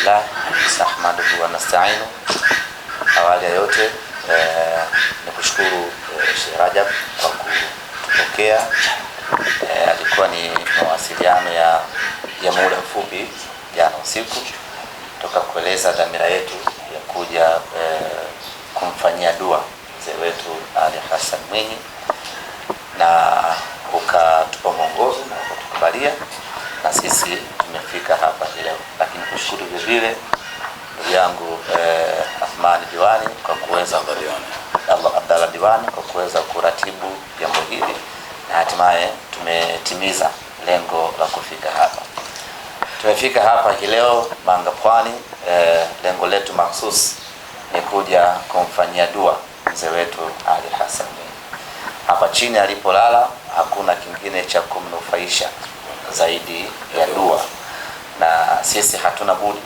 Alhamdulillah, nahmaduhu wa nasta'inu. Awali ya yote eh, ni kushukuru eh, Sheikh Rajab kwa kutupokea eh, alikuwa ni mawasiliano ya, ya muda mfupi jana usiku toka kueleza dhamira yetu ya kuja eh, kumfanyia dua mzee wetu Ali Hassan Mwinyi na ukatupa mwongozo na kutukubalia na sisi tumefika hapa leo, lakini kushukuru vile vile ndugu yangu eh, Athmani Diwani kwa kuweza Allah Abdalla Diwani kwa kuweza kuratibu jambo hili na hatimaye tumetimiza lengo la kufika hapa. Tumefika hapa hii leo Manga Pwani, eh, lengo letu mahsusi ni kuja kumfanyia dua mzee wetu Ali Hassan. Hapa chini alipolala hakuna kingine cha kumnufaisha zaidi ya dua, na sisi hatuna budi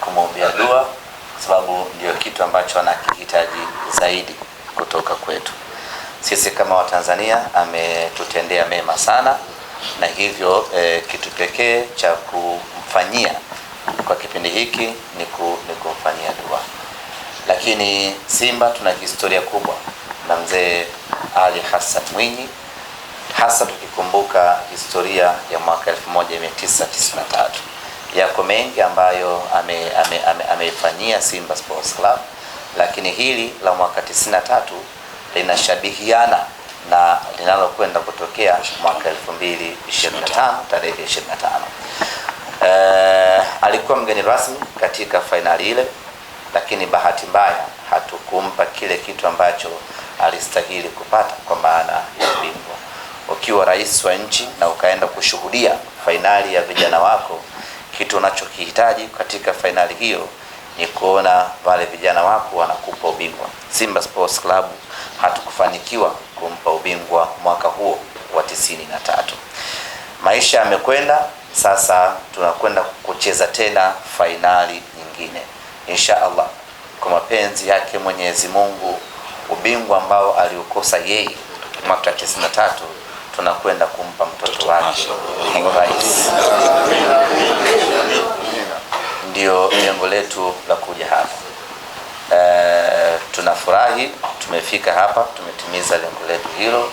kumwombea dua, kwa sababu ndio kitu ambacho anakihitaji zaidi kutoka kwetu. Sisi kama Watanzania ametutendea mema sana, na hivyo eh, kitu pekee cha kumfanyia kwa kipindi hiki ni kumfanyia dua. Lakini Simba tuna historia kubwa na mzee Ali Hassan Mwinyi hasa tukikumbuka historia ya mwaka 1993 yako mengi ambayo ameifanyia ame, ame, ame Simba Sports Club, lakini hili la mwaka 93 linashabihiana na linalokwenda kutokea mwaka 2025 tarehe 25. Uh, eh, alikuwa mgeni rasmi katika fainali ile, lakini bahati mbaya hatukumpa kile kitu ambacho alistahili kupata kwa maana ya ukiwa rais wa nchi na ukaenda kushuhudia fainali ya vijana wako, kitu unachokihitaji katika fainali hiyo ni kuona wale vijana wako wanakupa ubingwa. Simba Sports Club hatukufanikiwa kumpa ubingwa mwaka huo wa tisini na tatu. Maisha yamekwenda, sasa tunakwenda kucheza tena fainali nyingine insha Allah, kwa mapenzi yake Mwenyezi Mungu, ubingwa ambao aliukosa yeye mwaka 93 tunakwenda kumpa mtoto wake rais. Ndio lengo letu la kuja hapa. E, tunafurahi tumefika hapa, tumetimiza lengo letu hilo,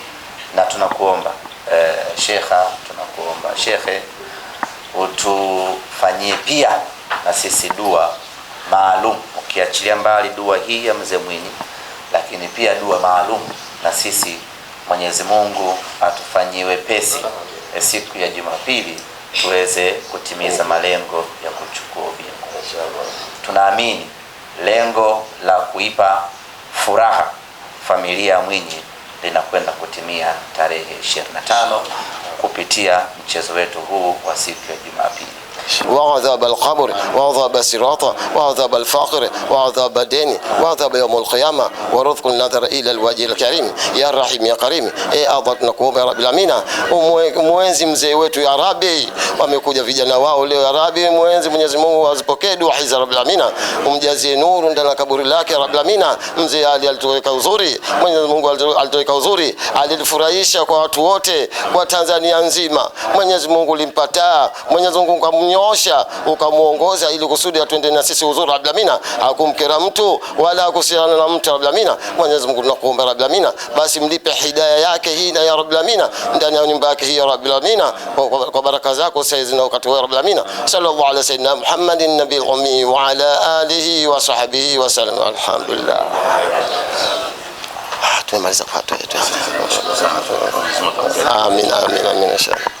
na tunakuomba e, shekha, tunakuomba shekhe, utufanyie pia na sisi dua maalum, ukiachilia mbali dua hii ya mzee Mwinyi, lakini pia dua maalum na sisi Mwenyezi Mungu atufanyie wepesi eh, siku ya Jumapili tuweze kutimiza malengo ya kuchukua ubingwa. Tunaamini lengo la kuipa furaha familia ya Mwinyi linakwenda kutimia tarehe 25 kupitia mchezo wetu huu wa siku ya Jumapili. وعذاب القبر وعذاب الصراط وعذاب الفقر وعذاب الدين وعذاب يوم القيامة ورزق النظر إلى الوجه الكريم يا رحيم يا كريم. E Allah, tunakuomba يا رب Amina, mwenzi mzee wetu ya Rabbi, wamekuja vijana wao leo ya Rabbi, mwenzi Mwenyezi Mungu azipokee dua hizi Rabbil Amina, umjazie nuru ndani ya kaburi lake Rabbil Amina. Mzee Ali alitoweka uzuri, Mwenyezi Mungu alitoweka uzuri, alifurahisha kwa watu wote, kwa Tanzania nzima. Mwenyezi Mungu limpataa, Mwenyezi Mungu kamnyosha kutosha ukamuongoza ili kusudi atwende na sisi uzuri Rabbul Amina, akumkera mtu wala kusiana na mtu Rabbul Amina. Mwenyezi Mungu tunakuomba Rabbul Amina, basi mlipe hidaya yake hii na ya Rabbul Amina ndani ya nyumba yake hii ya Rabbul Amina, kwa baraka zako saizi na wakati wa Rabbul Amina. Sallallahu ala sayyidina Muhammadin nabiyil ummi wa ala alihi wa sahbihi wa sallam. Alhamdulillah. Ah, tumemaliza kwa hatua yetu. Amin, amin, amin.